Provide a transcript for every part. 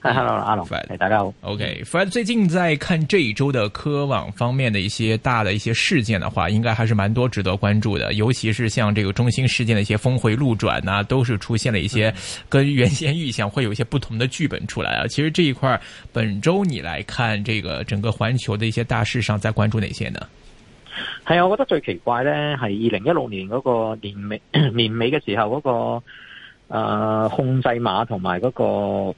嗨，hello，阿龍，Fred，大家好。OK，Fred，最近在看這一周的科網方面的一些大的一些事件的話，應該還是蠻多值得關注的。尤其是像這個中興事件的一些峰回路轉啊，都是出現了一些、嗯、跟原先預想會有一些不同的劇本出來啊。其實這一塊本周你來看這個整個環球的一些大事上，再關注哪些呢？係啊，我覺得最奇怪呢係二零一六年嗰個年尾年尾嘅時候嗰、那個啊、呃、控制碼同埋嗰個。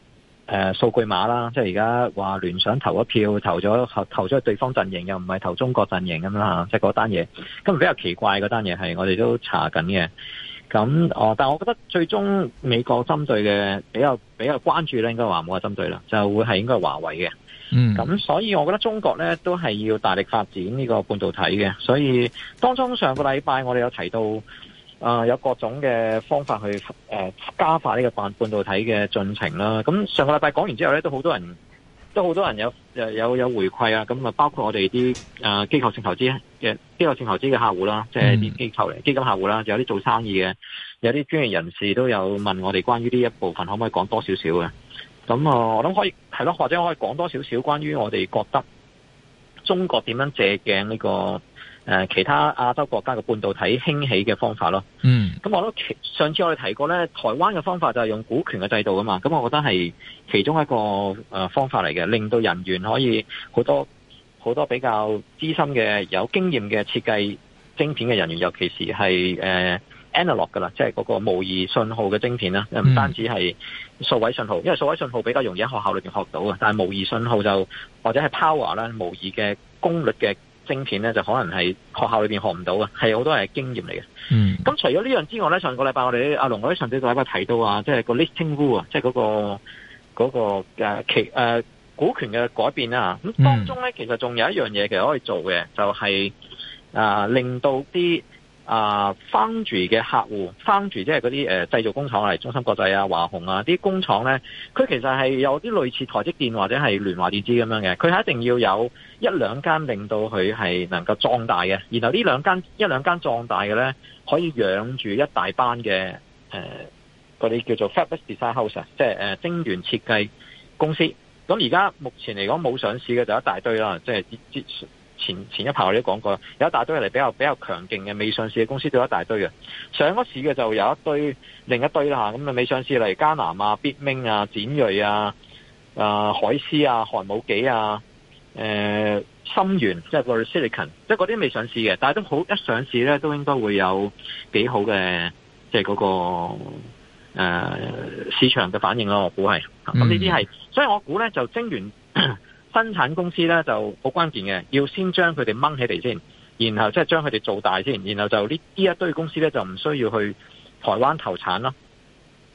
誒、呃、數據碼啦，即係而家話聯想投一票，投咗投咗去對方陣營，又唔係投中國陣營咁啦，即係嗰單嘢，咁比較奇怪嗰單嘢係我哋都查緊嘅。咁、哦、但係我覺得最終美國針對嘅比較比較關注咧，應該話冇話針對啦，就會、係、係應該係華為嘅。嗯，咁所以我覺得中國咧都係要大力發展呢個半導體嘅，所以當中上個禮拜我哋有提到。啊，有各種嘅方法去誒、呃、加快呢個半半導體嘅進程啦。咁上個禮拜講完之後咧，都好多人，都好多人有有有回饋啊。咁啊，包括我哋啲誒機構性投資嘅機構性投資嘅客戶啦，即係啲機構嚟基金客戶啦，有啲做生意嘅，有啲專業人士都有問我哋關於呢一部分可唔可以講多少少嘅。咁啊，我諗可以係咯，或者可以講多少少關於我哋覺得中國點樣借鏡呢、呢個？誒、呃、其他亞洲國家嘅半導體興起嘅方法咯，嗯，咁我覺得上次我哋提過咧，台灣嘅方法就係用股權嘅制度啊嘛，咁我覺得係其中一個、呃、方法嚟嘅，令到人員可以好多好多比較資深嘅有經驗嘅設計晶片嘅人員，尤其是係、呃、analog 啦，即係嗰個模擬信號嘅晶片啦，唔單止係數位信號，因為數位信號比較容易喺學校裏邊學到啊，但係模擬信號就或者係 power 啦，模擬嘅功率嘅。芯片咧就可能係學校裏邊學唔到嘅，係好多係經驗嚟嘅。嗯，咁除咗呢樣之外咧，上個禮拜我哋阿龍嗰啲上幾個禮拜提到、就是 rule, 那個那個、啊，即係個 listing rule 啊，即係嗰個嗰個誒期誒股權嘅改變啦。咁當中咧其實仲有一樣嘢其實可以做嘅，就係、是、啊令到啲。啊，Foundry 嘅客戶，Foundry 即係嗰啲製造工廠啊，中芯國際啊、華虹啊啲工廠呢，佢其實係有啲類似台積電或者係聯華電子咁樣嘅，佢係一定要有一兩間令到佢係能夠壯大嘅，然後呢兩間一兩間壯大嘅呢，可以養住一大班嘅誒嗰啲叫做 fabless design house，r 即、啊、係誒、就是啊、晶圓設計公司。咁而家目前嚟講冇上市嘅就一大堆啦，即、就、係、是前前一排我都講過有一大堆嚟比較比較強勁嘅未上市嘅公司，都有一大堆嘅上咗市嘅就有一堆另一堆啦。咁啊未上市例如嘉楠啊、Bitmain 啊、展銳啊、海思啊、寒武紀啊、誒、啊、芯原即係個 silicon，即係嗰啲未上市嘅，但係都好一上市咧，都應該會有幾好嘅即係嗰個、呃、市場嘅反應咯，我估係咁呢啲係，所以我估咧就晶圓， 生產公司咧就好關鍵嘅，要先將佢哋掹起嚟先，然後即係將佢哋做大先，然後就呢一堆公司咧就唔需要去台灣投產咯。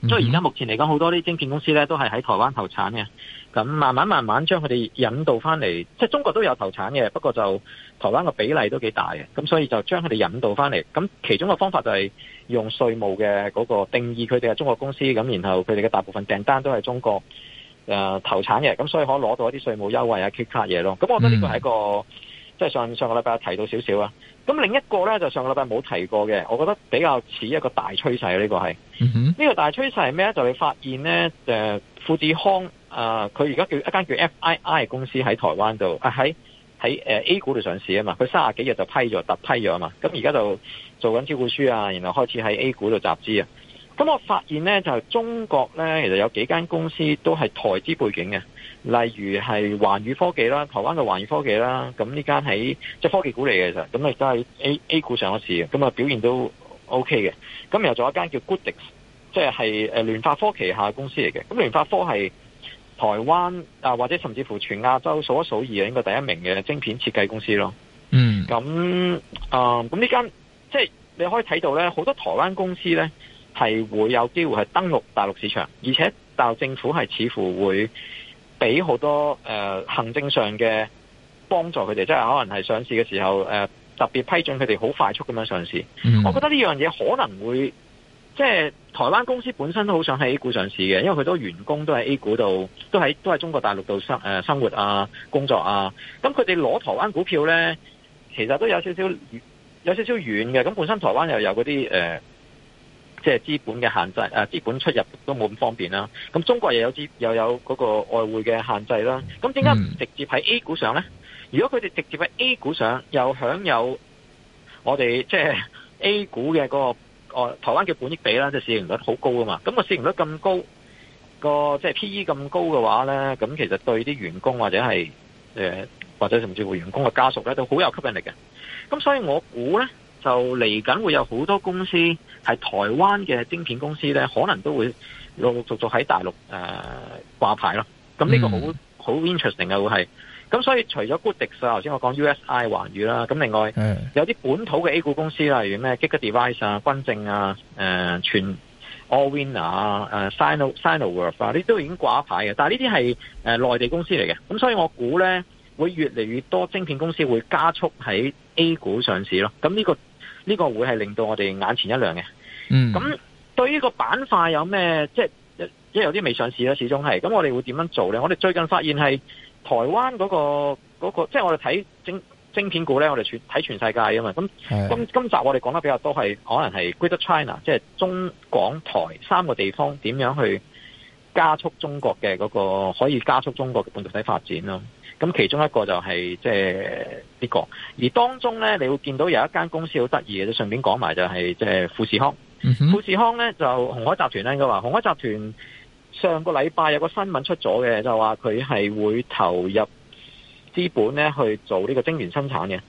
所以而家目前嚟講，好多啲晶片公司咧都係喺台灣投產嘅。咁慢慢慢慢將佢哋引導翻嚟，即係中國都有投產嘅，不過就台灣個比例都幾大嘅。咁所以就將佢哋引導翻嚟。咁其中嘅方法就係用稅務嘅嗰個定義佢哋係中國公司，咁然後佢哋嘅大部分訂單都係中國。誒、呃、投產嘅，咁、嗯、所以可以攞到一啲稅務優惠啊、k 卡嘢咯。咁、嗯、我覺得呢個係一個，即、就、係、是、上上個禮拜提到少少啊。咁另一個咧就上個禮拜冇提過嘅，我覺得比較似一個大趨勢啊。呢個係，呢、這個大趨勢係咩咧？就你發現咧，誒富士康啊，佢、呃、而家叫一間叫 FII 公司喺台灣度啊，喺、呃、喺、呃、A 股度上市啊嘛。佢三十幾日就批咗，特批咗啊嘛。咁而家就做緊招股書啊，然後開始喺 A 股度集資啊。咁我發現咧，就係、中國咧，其實有幾間公司都係台資背景嘅，例如係環宇科技啦，台灣嘅環宇科技啦，咁呢間喺即係科技股嚟嘅咋，咁亦都喺 A A 股上咗市嘅，咁啊表現都 O K 嘅。咁又仲有一間叫 Goodix，即係誒聯發科旗下公司嚟嘅，咁聯發科係台灣啊或者甚至乎全亞洲數一數二嘅，應該第一名嘅晶片設計公司咯。嗯，咁啊，咁呢間即係你可以睇到咧，好多台灣公司咧。係會有機會係登陸大陸市場，而且大陸政府係似乎會俾好多誒、呃、行政上嘅幫助佢哋，即係可能係上市嘅時候誒、呃、特別批准佢哋好快速咁樣上市，嗯。我覺得呢樣嘢可能會即係台灣公司本身都好想喺 A 股上市嘅，因為佢都員工都喺 A 股度，都喺都喺中國大陸度生誒生活啊工作啊。咁佢哋攞台灣股票呢，其實都有少少有少少遠嘅。咁本身台灣又有嗰啲誒。呃即係資本嘅限制，誒資本出入都冇咁方便啦。咁中國又有資又有嗰個外匯嘅限制啦。咁點解唔直接喺 A 股上咧？如果佢哋直接喺 A 股上又享有我哋即係 A 股嘅嗰個誒台灣嘅本益比啦，即係市盈率好高啊嘛。咁個市盈率咁高，個即係 PE 咁高嘅話咧，咁其實對啲員工或者係誒或者甚至乎員工嘅家屬咧都好有吸引力嘅。咁所以我估咧。就嚟緊會有好多公司係台灣嘅晶片公司咧，可能都會陸陸續續喺大陸誒掛牌咯。咁呢個好好、mm. interesting 嘅會係。咁所以除咗 Goodix 啊，頭先我講 USI 環宇啦，咁另外、mm. 有啲本土嘅 A 股公司，例如咩 GigaDevice 啊、君正啊、誒、呃、全 Allwinner 啊、誒 Sino、SinoWealth 啊，呢 Sino,、啊、都已經掛牌嘅。但係呢啲係誒內地公司嚟嘅。咁所以我估咧會越嚟越多晶片公司會加速喺 A 股上市咯。咁呢、這個。呢個會係令到我哋眼前一亮嘅。嗯，咁對呢個板塊有咩即係，因為有啲未上市啦，始終係。咁我哋會點樣做咧？我哋最近發現係台灣嗰個嗰個，即係我哋睇晶晶片股咧，我哋全睇全世界啊嘛。咁今今集我哋講得比較多係，可能係 Greater China，即係中港台三個地方點樣去加速中國嘅嗰個可以加速中國嘅半導體發展咯。咁其中一個就係即係呢個，而當中呢，你會見到有一間公司好得意嘅，都順便講埋就係即係富士康。Mm-hmm. 富士康呢，就紅海集團呢，應該話，紅海集團上個禮拜有個新聞出咗嘅，就話佢係會投入資本呢去做呢個晶圓生產嘅，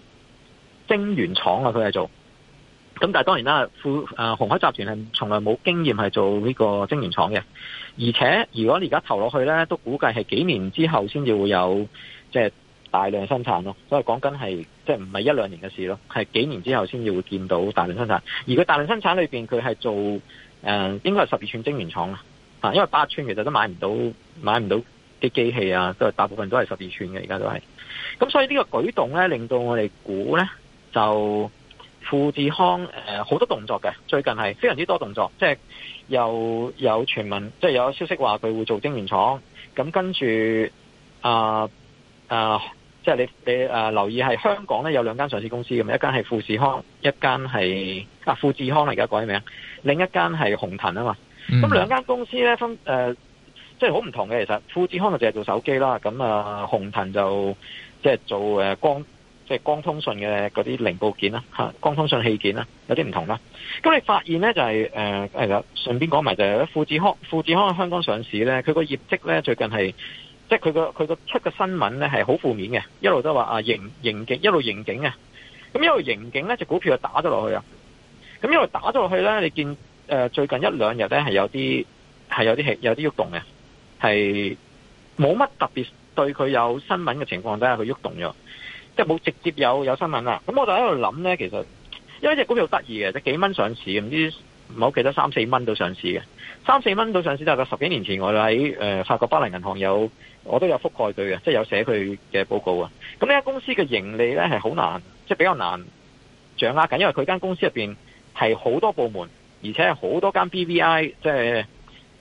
晶圓廠啊佢係做。咁但係當然啦，富、呃、紅海集團係從來冇經驗係做呢個晶圓廠嘅，而且如果你而家投落去呢，都估計係幾年之後先至會有。即、就、係、是、大量生產咯，所以講緊係即係唔係一兩年嘅事咯，係幾年之後先至會見到大量生產。而佢大量生產裏面，佢係做誒應該係十二寸晶圓廠啊，嚇！因為八寸其實都買唔到買唔到啲機器啊，都係大部分都係十二寸嘅，而家都係。咁所以呢個舉動咧，令到我哋估咧就富士康誒好多動作嘅，最近係非常之多動作，即係又有傳聞，即係有消息話佢會做晶圓廠。咁跟住啊～呃誒，即係你你誒留意係香港咧有兩間上市公司咁，一間係富士康，一間係啊富智康而家改名，另一間係紅騰啊嘛。咁、嗯、兩間公司咧分誒，即係好唔同嘅。其實富智康就淨係做手機啦，咁啊紅騰就即係做誒光即係光通訊嘅嗰啲零部件啦，吓光通訊器件啦，有啲唔同啦。咁你發現咧就係誒係啦，順便講埋就係富智康富智康喺香港上市咧，佢個業績咧最近係。即係佢個佢個出嘅新聞咧係好負面嘅，一路都話啊刑刑警一路刑警啊，咁一路刑警咧隻股票就打咗落去啊，咁一路打咗落去咧，你見誒、呃、最近一兩日咧係有啲係有啲有啲喐動嘅，係冇乜特別對佢有新聞嘅情況底下佢喐動咗，即係冇直接有有新聞啦。咁我就喺度諗咧，其實因為隻股票得意嘅，即係幾蚊上市，唔知唔係好記得三四蚊都上市嘅。三四蚊到上市，大概十幾年前，我哋喺法國巴黎銀行有，我都有覆蓋佢嘅，即係有寫佢嘅報告啊。咁呢間公司嘅盈利咧係好難，即係比較難掌握緊，因為佢間公司入面係好多部門，而且係好多間 BVI，即係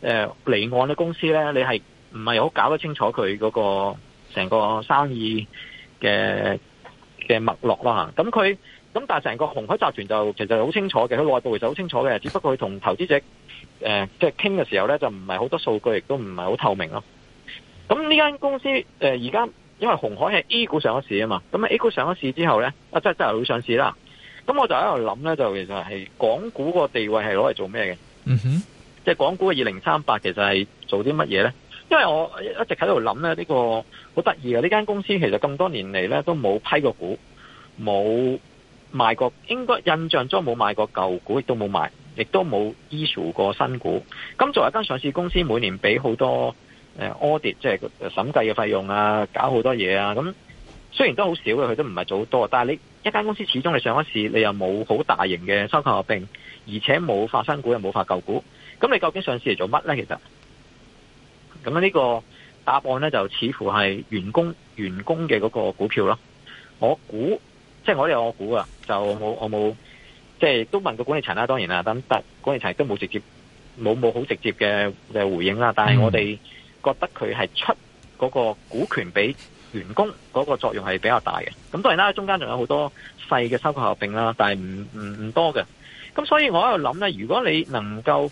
誒離岸嘅公司咧，你係唔係好搞得清楚佢嗰個成個生意嘅嘅脈絡啦？嚇，咁佢咁但係成個紅海集團就其實係好清楚嘅，佢內部其實好清楚嘅，只不過佢同投資者。誒，即係傾嘅時候咧，就唔係好多數據，亦都唔係好透明咯。咁呢間公司誒，而、呃、家因為鴻海係 A 股上咗市啊嘛，咁 A 股上咗市之後咧，啊真真係會上市啦。咁我就喺度諗咧，就其實係港股個地位係攞嚟做咩嘅？嗯哼，即係港股嘅二零三八，其實係做啲乜嘢咧？因為我一直喺度諗咧，呢、這個好得意嘅呢間公司，其實咁多年嚟咧都冇批過股，冇賣過，應該印象中冇賣過舊股，亦都冇賣。亦都冇 issue 過新股。咁作為一間上市公司，每年俾好多誒 audit 即係審計嘅費用啊，搞好多嘢啊。咁雖然都好少嘅，佢都唔係做多。但係你一間公司始終你上一次你又冇好大型嘅收購合併，而且冇發新股又冇發舊股。咁你究竟上市嚟做乜呢？其實咁呢個答案呢，就似乎係員工員工嘅嗰個股票咯。我估即係、就是、我哋，我估啊，就冇我冇。即係都問過管理層啦，當然啦，咁但管理層都冇直接冇冇好直接嘅嘅回應啦。但係我哋覺得佢係出嗰個股權俾員工嗰個作用係比較大嘅。咁當然啦，中間仲有好多細嘅收購合併啦，但係唔唔唔多嘅。咁所以我喺度諗呢，如果你能夠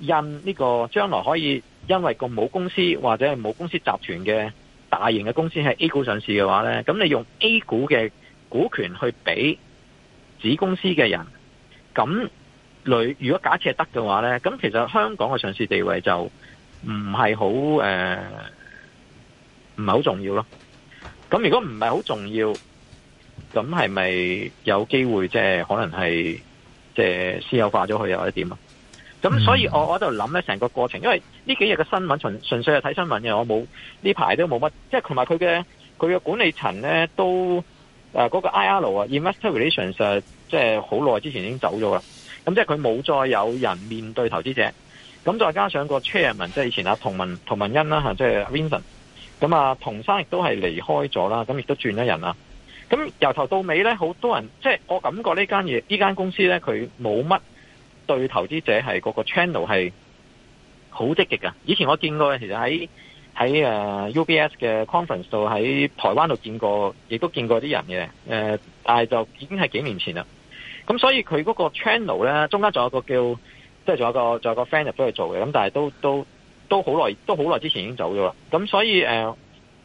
印呢個將來可以因為個母公司或者係母公司集團嘅大型嘅公司係 A 股上市嘅話呢，咁你用 A 股嘅股權去俾。子公司嘅人，咁，如如果假設係得嘅話咧，咁其實香港嘅上市地位就唔係好誒，唔係好重要咯。咁如果唔係好重要，咁係咪有機會即係可能係即係私有化咗佢又或者點啊？咁所以我我喺度諗咧，成個過程，因為呢幾日嘅新聞純，純粹係睇新聞嘅，我冇呢排都冇乜，即係同埋佢嘅佢嘅管理層咧都。誒、那、嗰個 IR 啊，Investor Relations 實即係好耐之前已經走咗啦，咁即係佢冇再有人面對投資者，咁再加上個 Chairman 即係以前阿童文童文欣啦嚇，即係 Vincent，咁啊童生亦都係離開咗啦，咁亦都轉咗人啦，咁由頭到尾咧，好多人即係、就是、我感覺呢間嘢呢間公司咧，佢冇乜對投資者係嗰、那個 channel 係好積極噶，以前我見過其實喺。喺誒 UBS 嘅 conference 度，喺台灣度見過，亦都見過啲人嘅誒、呃，但係就已經係幾年前啦。咁所以佢嗰個 channel 咧，中間仲有個叫即係仲有個仲有個 friend 入咗去做嘅，咁但係都都都好耐都好耐之前已經走咗啦。咁所以誒、呃、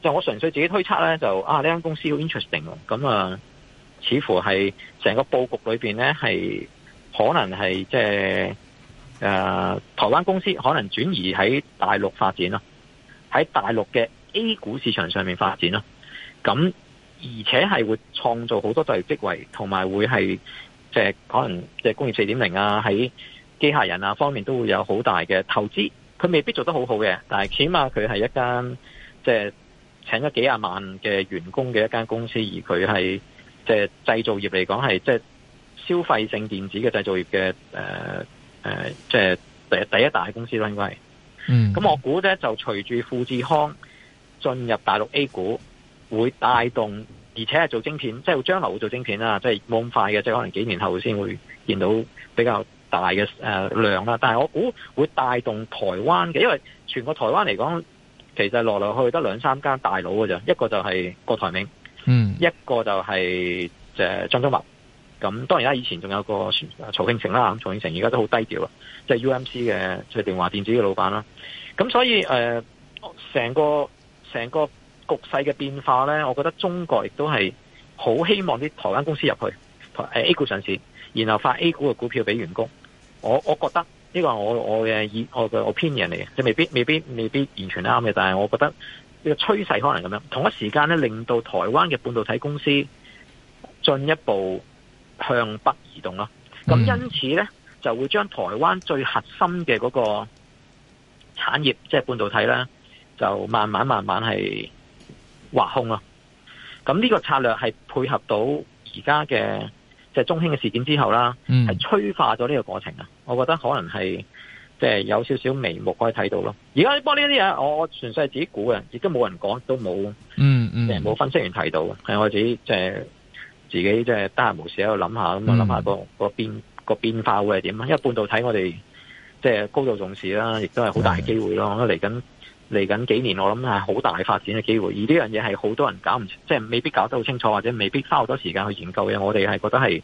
就我純粹自己推測咧，就啊呢間公司好 interesting 咁啊、呃，似乎係成個布局裏邊咧，係可能係即係誒台灣公司可能轉移喺大陸發展啦。喺大陸嘅 A 股市場上面發展咯，咁而且係會創造好多就業職位，同埋會係即係可能即係工業四點零啊，喺機械人啊方面都會有好大嘅投資。佢未必做得好好嘅，但係起碼佢係一間即係、就是、請咗幾廿萬嘅員工嘅一間公司，而佢係即係製造業嚟講係即係消費性電子嘅製造業嘅誒誒，即係第第一大公司咯，應該。咁、嗯、我估咧就隨住富士康進入大陸 A 股，會帶動，而且係做芯片，即係將來會做芯片啦，即係冇咁快嘅，即係可能幾年後先會見到比較大嘅誒、呃、量啦。但係我估會帶動台灣嘅，因為全個台灣嚟講，其實來來去去得兩三間大佬嘅咋，一個就係郭台銘，嗯，一個就係誒張忠謀。呃咁，當然啦，以前仲有個曹慶成啦，曹慶成而家都好低調啦，即係 UMC 嘅即係聯華電子嘅老闆啦。咁所以誒，成個成個局勢嘅變化呢，我覺得中國亦都係好希望啲台灣公司入去 A 股上市，然後發 A 股嘅股票俾員工。我我覺得呢個我我嘅我嘅 opinion 嚟嘅，即係未必未必未必完全啱嘅，但係我覺得呢個趨勢可能咁樣。同一時間呢，令到台灣嘅半導體公司進一步。向北移動咯，咁因此咧就會將台灣最核心嘅嗰個產業，即係半導體咧，就慢慢慢慢係滑空咯。咁呢個策略係配合到而家嘅即係中興嘅事件之後啦，係、嗯、催化咗呢個過程啊。我覺得可能係即係有少少眉目可以睇到咯。而家幫呢啲嘢，我我純粹係自己估嘅，亦都冇人講，都冇、即係，嗯嗯，冇分析員睇到嘅，係我自己即係。即係自己即係得閒無事喺度諗下，咁啊諗下個個變個變化會係點？因為半導體我哋即係高度重視啦，亦都係好大機會咯。我覺得嚟緊嚟緊幾年，我諗係好大發展嘅機會。而呢樣嘢係好多人搞唔，即係未必搞得好清楚，或者未必花好多時間去研究嘅。我哋係覺得係。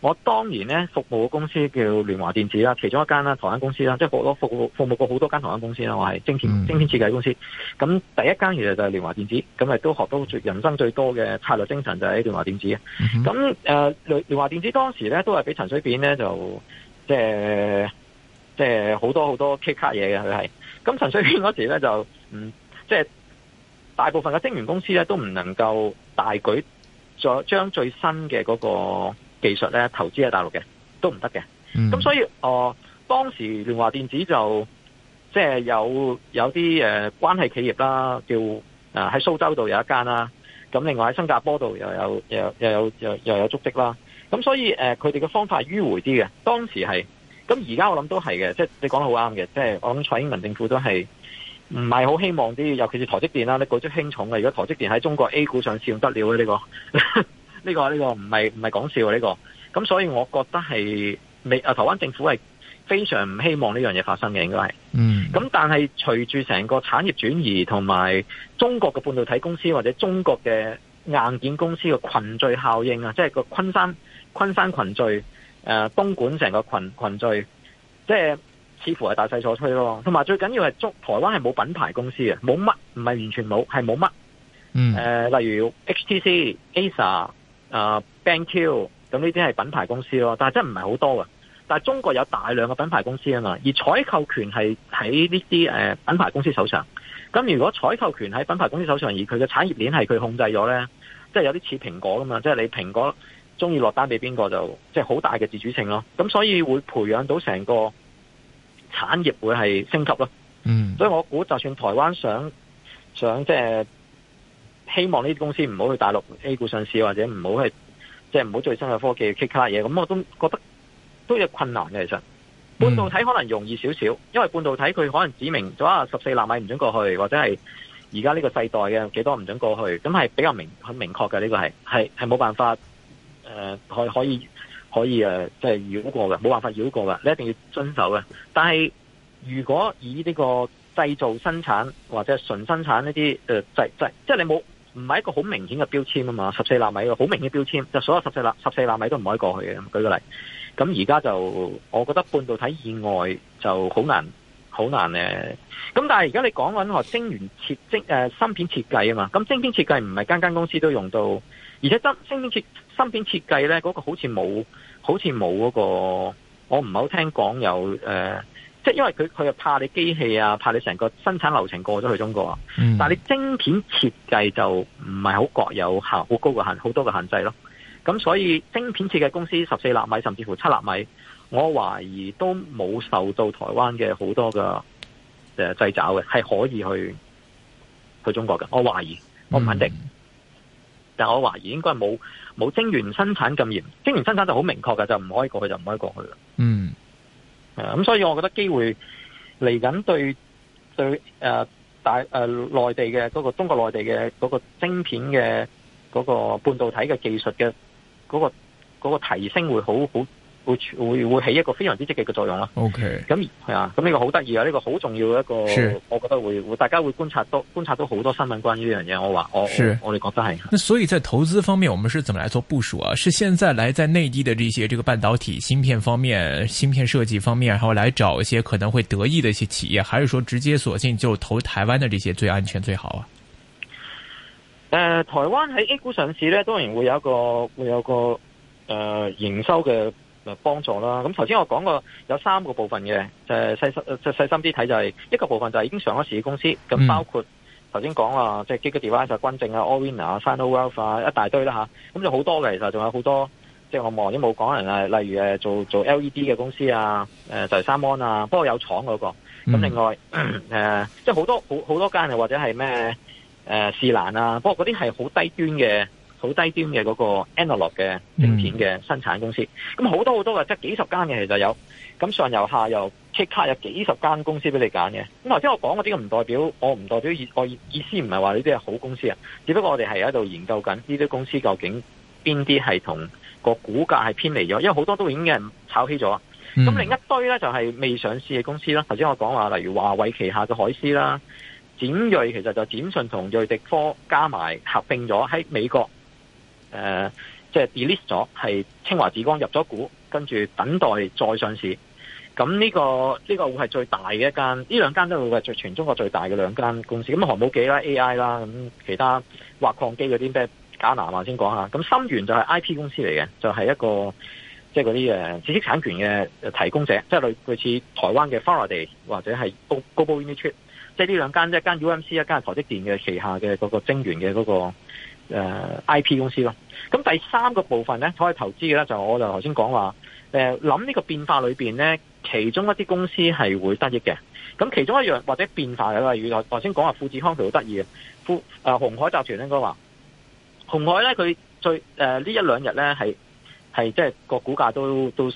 我當然咧，服務嘅公司叫聯華電子啦，其中一間啦，台灣公司啦，即係好多服務服務過好多間台灣公司啦。我係、嗯、晶片晶片設計公司，咁第一間其實就係聯華電子，咁咪都學到最人生最多嘅策略精神就喺聯華電子嘅。咁誒聯聯華電子當時咧，都係畀陳水扁咧就即係即係好多好多 K 卡嘢嘅佢係，咁陳水扁嗰時咧就嗯即係、就是、大部分嘅晶圓公司咧都唔能夠大舉咗將最新嘅嗰、那個。技術咧投資喺大陸嘅都唔得嘅，咁、嗯、所以哦、呃、當時聯華電子就即係、就是、有有啲誒、呃、關係企業啦，叫啊喺、呃、蘇州度有一間啦，咁另外喺新加坡度又有又又有又，又，又有足跡啦，咁所以誒佢哋嘅方法迂迴啲嘅，當時係咁，而家我諗都係嘅，即、就、係、是、你講得好啱嘅，即、就、係、是、我諗蔡英文政府都係唔係好希望啲，尤其是台積電啦，你舉足輕重嘅，如果台積電喺中國 A 股上用得了嘅呢個。 呢、這個呢、這個唔係唔係講笑喎，呢、這個咁、嗯、所以我覺得係未啊，台灣政府係非常唔希望呢樣嘢發生嘅，應該係嗯。咁但係隨住成個產業轉移同埋中國嘅半導體公司或者中國嘅硬件公司嘅群聚效應啊，即係個昆山崑山群聚誒、呃，東莞成個群群聚，即係似乎係大勢所趨咯。同埋最緊要係中台灣係冇品牌公司嘅，冇乜唔係完全冇，係冇乜嗯誒、呃，例如 HTC、ASUS。啊，BenQ，咁呢啲係品牌公司咯，但係真唔係好多嘅。但係中國有大量嘅品牌公司啊嘛，而採購權係喺呢啲誒品牌公司手上。咁如果採購權喺品牌公司手上，而佢嘅產業鏈係佢控制咗咧，即係有啲似蘋果啊嘛，即係你蘋果中意落單俾邊個就，即係好大嘅自主性咯。咁所以會培養到成個產業會係升級咯。嗯，所以我估就算台灣想想即係。希望呢啲公司唔好去大陸 A 股上市，或者唔好去，即係唔好做新嘅科技、K 卡嘢。咁我都覺得都有困難嘅，其實半導體可能容易少少，因為半導體佢可能指明咗，啊十四納米唔准過去，或者係而家呢個世代嘅幾多唔准過去，咁係比較明、很明確嘅。呢個係係係冇辦法誒、呃，可以可以可以誒，即係繞過嘅，冇辦法繞過嘅，你一定要遵守嘅。但係如果以呢個製造生產或者純生產呢啲誒製，即係你冇。唔係一個好明顯嘅標籤啊嘛，十四納米個好明顯標籤就所有十四納十四納米都唔可以過去嘅。舉個例，咁而家就我覺得半導體以外就好難好難誒。咁、呃嗯、但係而家你講緊話晶圓設計誒、呃、芯片設計啊嘛、咁、嗯、芯片設計唔係間間公司都用到，而且晶片設芯片設計咧嗰、嗰個好似冇好似冇嗰個，我唔係好聽講有誒。呃即因為佢佢又怕你機器啊，怕你成個生產流程過咗去了中國。嗯、但係你晶片設計就唔係好各有限，好高嘅限，好多嘅限制咯。咁所以晶片設計公司十四納米甚至乎七納米，我懷疑都冇受到台灣嘅好多嘅誒掣肘嘅，係可以去去中國嘅。我懷疑，我唔肯定。嗯、但係我懷疑應該冇冇晶圓生產咁嚴，晶圓生產就好明確嘅，就唔可以過去就唔可以過去啦。嗯。咁、嗯、所以，我覺得機會嚟緊對對、誒、呃、大、誒、呃、內地嘅嗰個中國內地嘅嗰個晶片嘅嗰個半導體嘅技術嘅嗰個嗰個提升會好好。會會會起一個非常之積極嘅作用啦。OK。咁係啊，咁呢個好得意啊，呢個好重要一個，我覺得會會大家會觀察多觀察到好多新聞關於呢樣嘢。我話我我哋覺得係。所以在投資方面，我們是怎麼來做部署啊？是現在來在內地的這些這個半導體芯片方面、芯片設計方面，然後來找一些可能會得益的一些企業，還是說直接索性就投台灣的這些最安全最好啊？誒，台灣喺 A 股上市呢，當然會有一個會有個誒營收嘅。幫助啦，咁頭先我講過有三個部分嘅，就是、細，細心心啲睇就係、是、一個部分就已經上咗市公司，咁包括頭先講啊，即係 GigaDevice 君正啊、Allwinner 啊、Final Wealth 啊，一大堆啦嚇，咁就好多嘅其實，仲有好多即係我望啲冇講嘅，例如做做 LED 嘅公司啊、呃，就係三安啊，不過有廠嗰、那個，咁另外即係好多好好多間啊，或者係咩誒士蘭啊，不過嗰啲係好低端嘅。好低端嘅嗰個 analog 嘅晶片嘅生產公司，咁、嗯、好多好多嘅，即係幾十間嘅，其實有咁上游下游 key 卡有幾十間公司俾你揀嘅。咁頭先我講嘅啲唔代表我唔代表意，我意思唔係話呢啲係好公司啊，只不過我哋係喺度研究緊呢啲公司究竟邊啲係同個股價係偏離咗，因為好多都已經有人炒起咗啊。咁、嗯、另一堆咧就係未上市嘅公司啦。頭先我講話，例如華為旗下嘅海思啦、嗯、展銳，其實就展訊同銳迪科加埋合併咗喺美國。誒、呃，即係 delist 咗，係清華紫光入咗股，跟住等待再上市。咁呢、這個呢、這個會係最大嘅一間，呢兩間都會係全中國最大嘅兩間公司。咁、嗯、啊，航母機啦、AI 啦，咁、嗯、其他挖礦機嗰啲咩加拿大先講下。咁深源就係 I P 公司嚟嘅，就係、是、一個即係嗰啲誒知識產權嘅提供者，即係類類似台灣嘅 Faraday 或者係 Global Unichip。即係呢兩間，一間 U M C，一間係台積電嘅旗下嘅嗰個晶圓嘅嗰個。誒、uh，IP 公司咯。咁第三個部分咧，可以投資嘅咧，就我就頭先講話，誒諗呢個變化裏邊咧，其中一啲公司係會得益嘅。咁其中一樣或者變化嘅，例如頭頭先講話富士康佢好得意嘅，富誒鴻海集團應該話，鴻海咧佢最誒呢一兩日咧係係即係個股價都都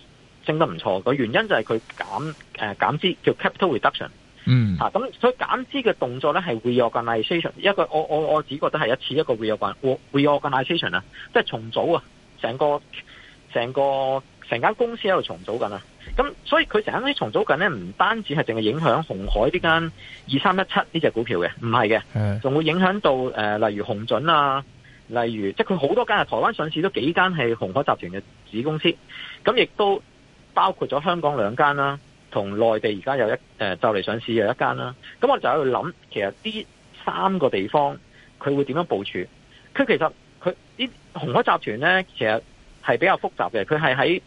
升得唔錯。個原因就係佢減誒減資叫 capital reduction。嗯，吓、啊、咁，所以減資嘅動作咧係 reorganization，一個我我我只覺得係一次一個 reorganization 啊，即係重組啊，成個成個成間公司喺度重組緊啊，咁所以佢成間公司重組緊咧，唔單止係淨係影響鴻海呢間二三一七呢隻股票嘅，唔係嘅，仲會影響到誒、呃，例如鴻準啊，例如即係佢好多間係台灣上市都幾間係鴻海集團嘅子公司，咁亦都包括咗香港兩間啦。同內地而家有一誒就嚟上市有一間啦，咁我就喺度諗，其實呢三個地方佢會點樣部署？佢其實佢啲紅海集團呢，其實係比較複雜嘅。佢係喺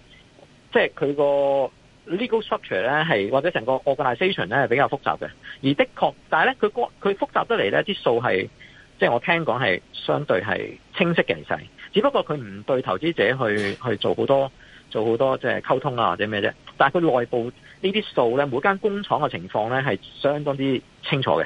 即係佢個 legal structure 呢，係或者成個 organisation 呢，係比較複雜嘅。而的確，但係呢，佢佢複雜得嚟呢啲數係即係我聽講係相對係清晰嘅其實，只不過佢唔對投資者去去做好多。做好多即係溝通啦，或者咩啫？但係佢內部數呢啲數咧，每間工廠嘅情況咧係相當之清楚嘅，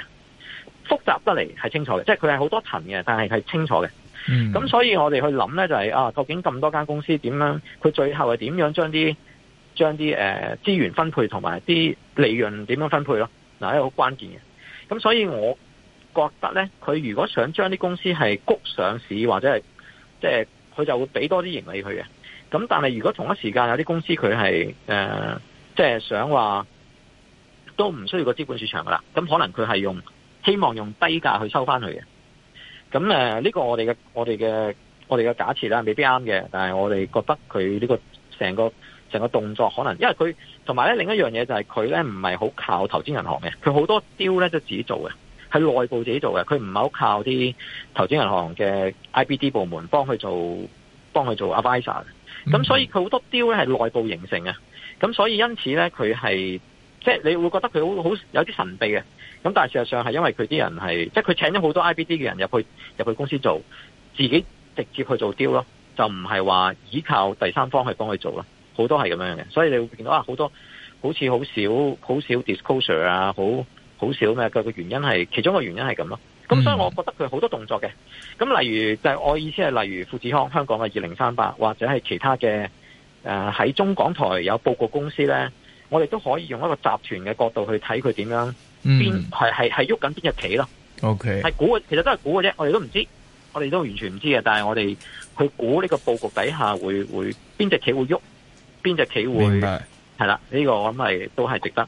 複雜得嚟係清楚嘅，即係佢係好多層嘅，但係係清楚嘅。咁、嗯、所以我哋去諗咧、就是，就係啊，究竟咁多間公司點樣，佢最後係點樣將啲將啲誒資源分配同埋啲利潤點樣分配咯？嗱，一個好關鍵嘅。咁所以我覺得咧，佢如果想將啲公司係谷上市或者係即係，佢就會俾多啲盈利佢嘅。咁但係如果同一時間有啲公司佢係誒，即、呃、係、就是、想話都唔需要個資本市場噶啦，咁可能佢係用希望用低價去收翻佢嘅。咁呢、呃呢個我哋嘅我哋嘅我哋嘅假設咧未必啱嘅，但係我哋覺得佢呢個成個成個動作可能，因為佢同埋咧另一樣嘢就係佢咧唔係好靠投資銀行嘅，佢好多 deal 呢咧都自己做嘅，係內部自己做嘅，佢唔係好靠啲投資銀行嘅 IBD 部門幫佢做。幫佢做 adviser 咁所以佢好多 deal 咧係內部形成嘅，咁所以因此咧佢係即係你會覺得佢好好有啲神秘嘅，咁但係事實上係因為佢啲人係即係佢請咗好多 IBD 嘅人入去入去公司做，自己直接去做 deal 咯，就唔係話依靠第三方去幫佢做咯，好多係咁樣嘅，所以你會見到啊好多好似好少好少 disclosure 啊，好好少咩，佢個原因係其中個原因係咁咯。咁、嗯、所以，我覺得佢好多動作嘅。咁例如，就是、我意思係，例如富士康、香港嘅二零三八，或者係其他嘅誒，喺、呃、中港台有佈局公司咧，我哋都可以用一個集團嘅角度去睇佢點樣邊，邊係係係喐緊邊隻企咯。O K，係估嘅，其實都係估嘅啫。我哋都唔知，我哋都完全唔知嘅。但係我哋去估呢個佈局底下會會邊隻企會喐，邊隻企會係啦。呢、呢個我諗係都係值得。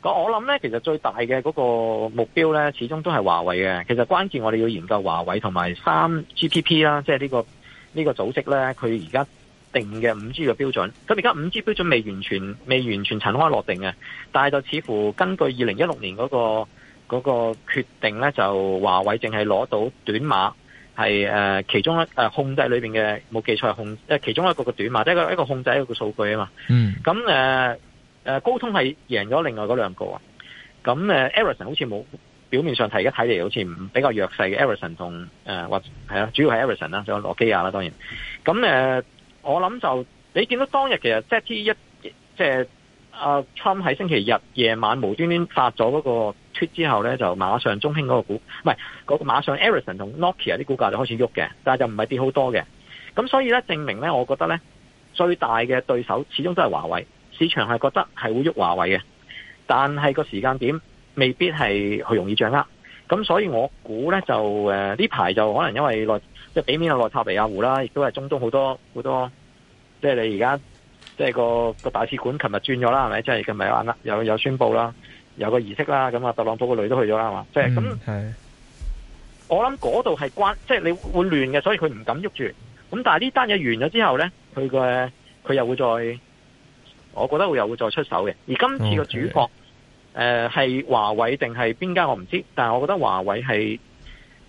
咁我諗咧，其實最大嘅嗰個目標咧，始終都係華為嘅。其實關鍵我哋要研究華為同埋三 GPP 啦，即係呢個呢個組織咧，佢而家定嘅五 G 嘅標準。咁而家五 G 標準未完全未完全塵埃落定啊，但係就似乎根據二零一六年嗰、那個嗰、那個決定咧，就華為淨係攞到短碼，係誒、呃、其中一誒、呃、控制裏邊嘅冇記錯係控誒、呃、其中一個嘅短碼，即係一個一個控制一個數據啊嘛。嗯。咁誒。呃誒高通係贏咗另外嗰兩個啊，咁 Ericsson 好似冇表面上睇一睇嚟好似唔比較弱勢嘅 Ericsson 同誒或係啊，主要係 Ericsson 啦，仲有諾基亞啦，當然，咁誒我諗就你見到當日其實即係啲一即係阿 Trump 喺星期日夜晚無端端發咗嗰個 tweet 之後咧，就馬上中興嗰個股唔係嗰馬上 Ericsson 同 Nokia 啲股價就開始喐嘅，但係就唔係跌好多嘅，咁所以咧證明咧，我覺得咧最大嘅對手始終都係華為。市場係覺得係會喐華為嘅，但係個時間點未必係好容易掌握。咁所以我估咧就誒呢排就可能因為內即係畀面阿內塔尼亞胡啦，亦都係中東好多好多，即係你而家即係個，個大使館琴日轉咗啦，係咪？即係而家咪有有有宣布啦，有個儀式啦，咁、嗯、啊，特朗普個女都去咗啦，係嘛？即係咁、嗯，我諗嗰度係關，即係你會亂嘅，所以佢唔敢喐住。咁但係呢單嘢完咗之後咧，佢嘅佢又會再。我覺得會又會再出手嘅，而今次個主角，誒、okay. 係、呃、華為定係邊間我唔知道，但係我覺得華為係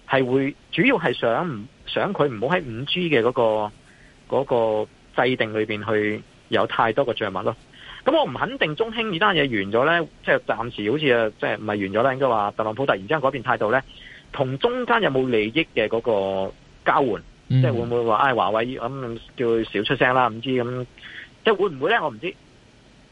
係會主要係想想佢唔好喺五 G 嘅嗰個嗰個制定裏邊去有太多嘅障物咯。咁我唔肯定中興呢單嘢完咗咧，即係暫時好似啊，即係唔係完咗咧？應該話特朗普突然之間改變態度咧，同中間有冇利益嘅嗰個交換，mm-hmm. 即係會唔會話唉、哎、華為咁、嗯、叫佢少出聲啦？唔知咁，即係會唔會咧？我唔知道。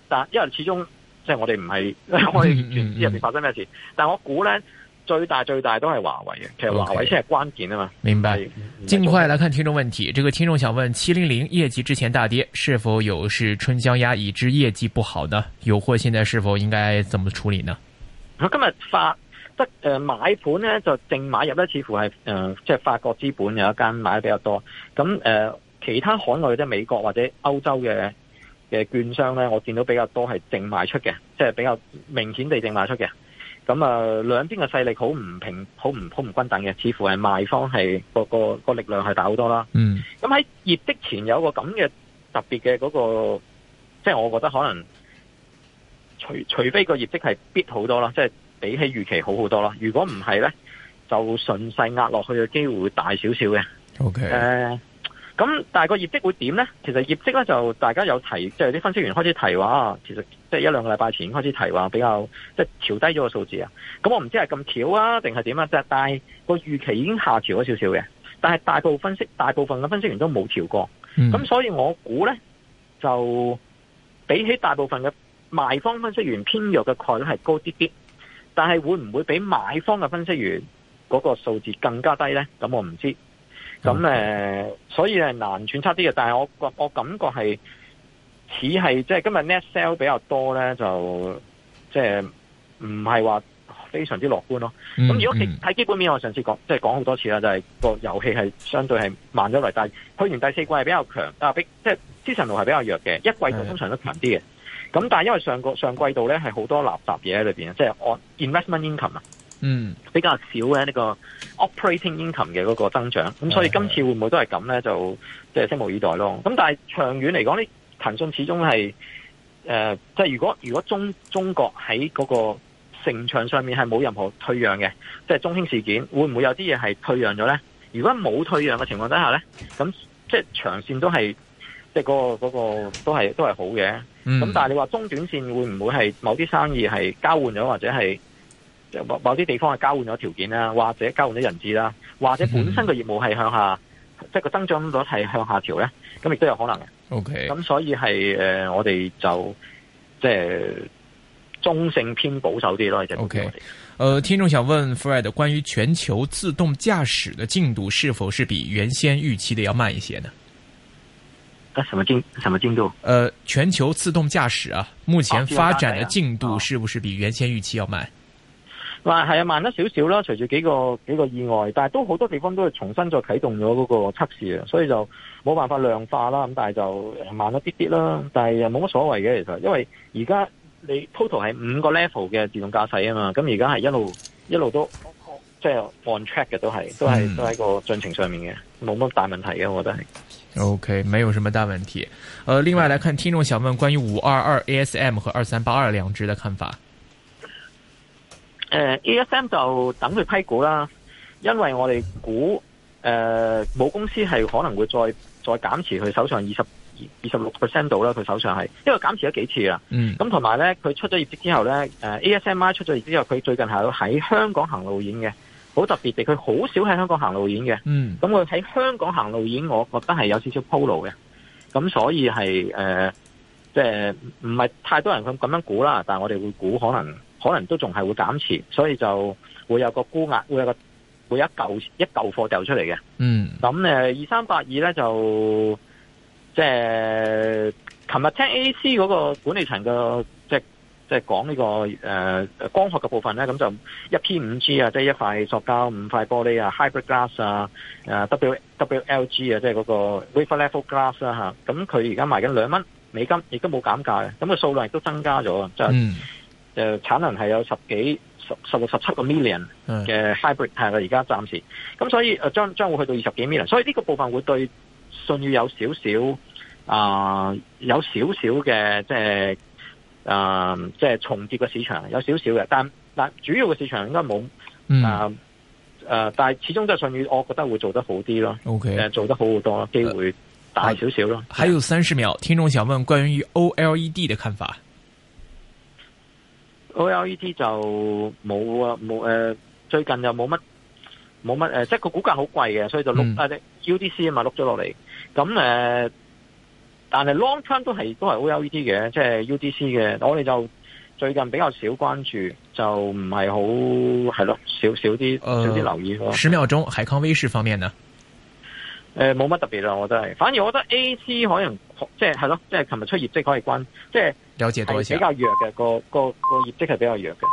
但因為始終即係我哋唔係，嗯嗯嗯、 我哋完全唔知入邊發生咩事。但係我估咧，最大最大都係華為嘅。其實華為先係關鍵啊嘛。Okay, 明白。盡快來看聽眾問題，這個聽眾想問：七零零業績之前大跌，是否有是春江鴨？已知業績不好的？有貨現在是否應該怎麼處理呢？今日發得誒、呃、買盤咧就淨買入咧，似乎係誒即係法國資本有一間買得比較多。咁誒、呃、其他海外即係美國或者歐洲嘅。嘅券商咧，我見到比較多係淨賣出嘅，即係比較明顯地淨賣出嘅。咁啊，兩邊嘅勢力好唔平，好唔好唔均等嘅，似乎係賣方係個個個力量係大好多啦。嗯。咁喺業績前有一個咁嘅特別嘅嗰個，即係我覺得可能除除非個業績係 bit 好多啦，即係比起預期好好多啦。如果唔係咧，就順勢壓落去嘅機會會大少少嘅。Okay。呃。誒。咁但係個業績會點呢？其實業績咧就大家有提，即係啲分析員開始提話，其實即係一兩個禮拜前開始提話比較即係調低咗個數字啊。咁我唔知係咁調啊，定係點啊？但係個預期已經下調咗少少嘅，但係大部分分嘅分析員都冇調過。咁所以我估呢，就比起大部分嘅賣方分析員偏弱嘅概率係高啲啲，但係會唔會比買方嘅分析員嗰個數字更加低呢？咁我唔知。咁誒，所以係難揣測啲嘅。但係我我感覺係似係即係今日 net sell 比較多咧，就即係唔係話非常之樂觀咯。咁、mm-hmm. 如果睇基本面，我上次講即係講好多次啦，就係、是、個遊戲係相對係慢咗嚟，但係去年第四季係比較強，即係之前路係比較弱嘅一季度通常都強啲嘅。咁、mm-hmm. 但係因為上個上季度咧係好多垃圾嘢喺裏面，即係我 investment income 啊。嗯，比較少咧呢、呢個 operating income 嘅嗰個增長，咁所以今次會唔會都係咁呢？就即係拭目以待咯。咁但係長遠嚟講呢，騰訊始終係誒，即、呃、係、即係、如果如果中中國喺嗰個城牆上面係冇任何退讓嘅，即、就、係、係、中興事件，會唔會有啲嘢係退讓咗呢？如果冇退讓嘅情況底下呢，咁即係長線都係即係嗰個嗰、嗰個、都係都係好嘅。咁、嗯、但係你話中短線會唔會係某啲生意係交換咗或者係？某某啲地方係交換咗條件啦，或者交換咗人質啦，或者本身嘅業務係向下，嗯、即係個增長率係向下調咧，咁亦都有可能。O K，咁所以係誒、呃，我哋就即係、就是、中性偏保守啲咯。O K，誒，聽眾想問 Fred 關於全球自動駕駛的進度是否是比原先預期的要慢一些呢？啊，什麼進什麼進度？誒、呃，全球自動駕駛啊，目前發展的進度是不是比原先預期要慢？但係啊，慢咗少少啦，隨住幾個幾個意外，但係都好多地方都係重新再啟動咗個測試啊，所以就冇辦法量化啦。咁但係就慢咗啲啲啦，但係又冇乜所謂嘅其實的，因為而家你 total 係五個 level 嘅自動駕駛啊嘛，咁而家係一路一路都即係、就是、on track 嘅、嗯，都係都係都喺個進程上面嘅，冇乜大問題嘅，我覺得係。O、okay, K，沒有什麼大問題。呃，另外來看聽眾想問關於五二二 A S M 和二三八二兩支的看法。誒、uh，ASM 就等佢批估啦，因為我哋估誒母公司係可能會再再減持佢手上二十二十六 percent 度啦，佢手上係，因為減持咗幾次啦。嗯、mm，咁同埋咧，佢出咗業績之後咧，誒，ASMI 出咗業績之後，佢最近係喺香港行路演嘅，好特別地，佢好少喺香港行路演嘅。嗯，咁佢喺香港行路演，我覺得係有少少鋪路嘅。咁所以係誒，即係唔係太多人咁咁樣估啦，但係我哋會估可能。可能都仲係會減持，所以就會有個沽壓，會有個會有一舊一舊貨掉出嚟嘅。嗯。咁誒，二三八二咧就即係琴日聽 A C 嗰個管理層嘅即係即係講呢個誒、呃、光學嘅部分咧，咁就, 1P5G, 就一 P 五 G 啊，即係一塊塑膠五塊玻璃啊，Hybrid Glass 啊，誒 W W L G 啊，即係嗰個 Wafer Level Glass 啊吓。咁佢而家賣緊兩蚊美金，亦都冇減價嘅，咁、嗰個數量亦都增加咗啊、就是。嗯。嘅產能係有十幾十十六十七個 million 嘅 hybrid 係啦，而家暫時咁，所以誒將，將會去到二十幾 million，所以呢個部分會對信譽有少少啊、呃，有少少嘅即係啊，即是重疊嘅市場有少少嘅，但主要嘅市場應該冇啊、嗯呃、但始終都係信譽，我覺得會做得好啲咯。OK，做得好好多，機會大少少咯。還有三十秒，聽眾想問關於 OLED 的看法。O L E d 就冇啊，冇誒、呃，最近就冇乜冇乜誒，即係個股價好貴嘅，所以就碌啊啲、嗯呃、U D C 啊嘛，碌咗落嚟，咁誒、呃，但係 long t i m e 都係都係 O L E d 嘅，即係 U D C 嘅，我哋就最近比較少關注，就唔係好係咯，少少啲少啲留意。呃、十秒鐘，海康威視方面呢？誒、呃，冇乜特別啦，我真係，反而我覺得 A C 可能。即係係咯，即係琴日出業績可以關，即係有借比較弱嘅，個個個業績係比較弱嘅。